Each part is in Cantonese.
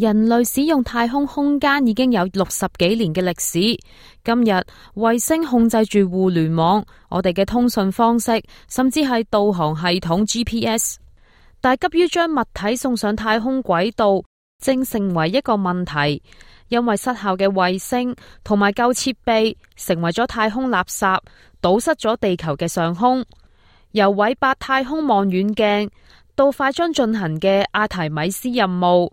人類使用太空空間已經有六十幾年嘅歷史。今日衛星控制住互聯網，我哋嘅通訊方式，甚至係導航系統 GPS。但係急於將物體送上太空軌道，正成為一個問題，因為失效嘅衛星同埋舊設備成為咗太空垃圾，堵塞咗地球嘅上空。由韋伯太空望遠鏡到快將進行嘅阿提米斯任務。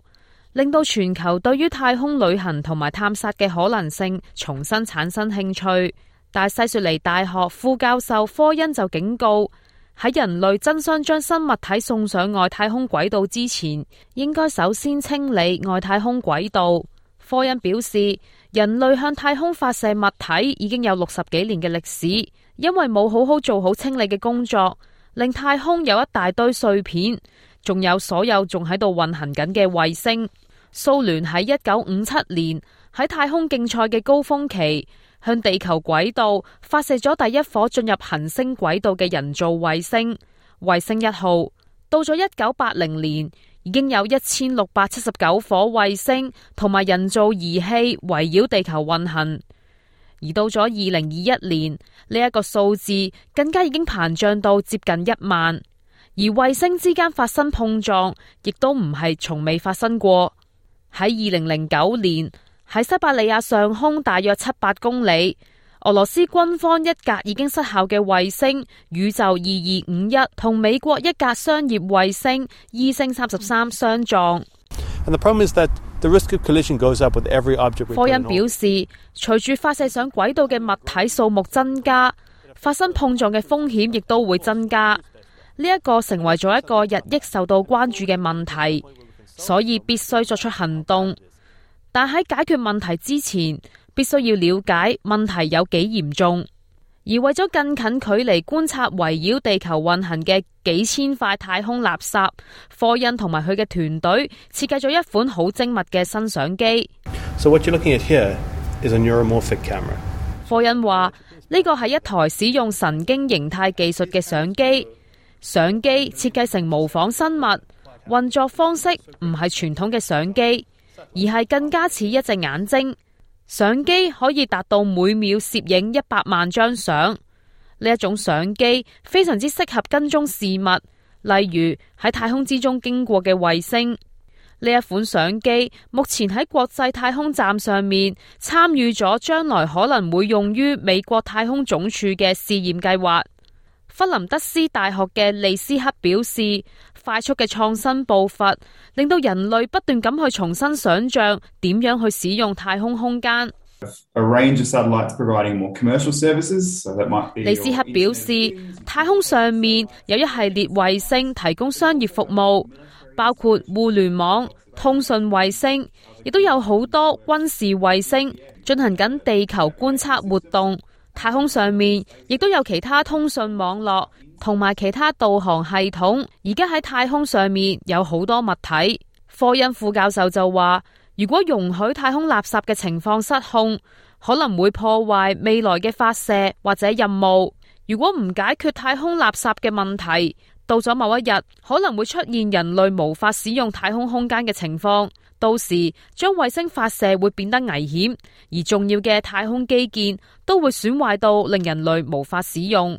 令到全球對於太空旅行同埋探索嘅可能性重新產生興趣，但西雪梨大學副教授科恩就警告：喺人類爭相將生物體送上外太空軌道之前，應該首先清理外太空軌道。科恩表示，人類向太空發射物體已經有六十幾年嘅歷史，因為冇好好做好清理嘅工作，令太空有一大堆碎片。仲有所有仲喺度運行緊嘅衛星。蘇聯喺一九五七年喺太空競賽嘅高峰期，向地球軌道發射咗第一顆進入行星軌道嘅人造衛星——衛星一號。到咗一九八零年，已經有一千六百七十九顆衛星同埋人造儀器圍繞地球運行。而到咗二零二一年，呢、這、一個數字更加已經膨脹到接近一萬。而衛星之間發生碰撞，亦都唔係從未發生過。喺二零零九年，喺西伯利亞上空大約七百八公里，俄羅斯軍方一格已經失效嘅衛星宇宙二二五一，同美國一格商業衛星銥星三十三相撞。科恩表示，隨住發射上軌道嘅物體數目增加，發生碰撞嘅風險亦都會增加。呢一個成為咗一個日益受到關注嘅問題，所以必須作出行動。但喺解決問題之前，必須要了解問題有幾嚴重。而為咗更近距離觀察圍繞地球運行嘅幾千塊太空垃圾，霍印同埋佢嘅團隊設計咗一款好精密嘅新相機。所以，so，what you're looking at here is a neuromorphic camera。霍印話呢、這個係一台使用神經形態技術嘅相機。相機設計成模仿生物運作方式，唔係傳統嘅相機，而係更加似一隻眼睛。相機可以達到每秒攝影一百萬張相。呢一種相機非常之適合跟蹤事物，例如喺太空之中經過嘅衛星。呢一款相機目前喺國際太空站上面參與咗，將來可能會用於美國太空總署嘅試驗計劃。弗林德斯大學嘅利斯克表示，快速嘅創新步伐令到人類不斷咁去重新想象點樣去使用太空空間。利斯克表示，太空上面有一系列衛星提供商業服務，包括互聯網、通訊衛星，亦都有好多軍事衛星進行緊地球觀測活動。太空上面亦都有其他通訊網絡同埋其他導航系統。而家喺太空上面有好多物體。科恩副教授就話，如果容許太空垃圾嘅情況失控，可能會破壞未來嘅發射或者任務。如果唔解決太空垃圾嘅問題，到咗某一日，可能會出現人類無法使用太空空間嘅情況。到時將衛星發射會變得危險，而重要嘅太空基建都會損壞到令人類無法使用。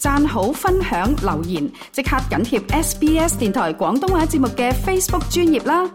讚好、分享、留言，即刻緊貼 SBS 電台廣東話節目嘅 Facebook 專頁啦！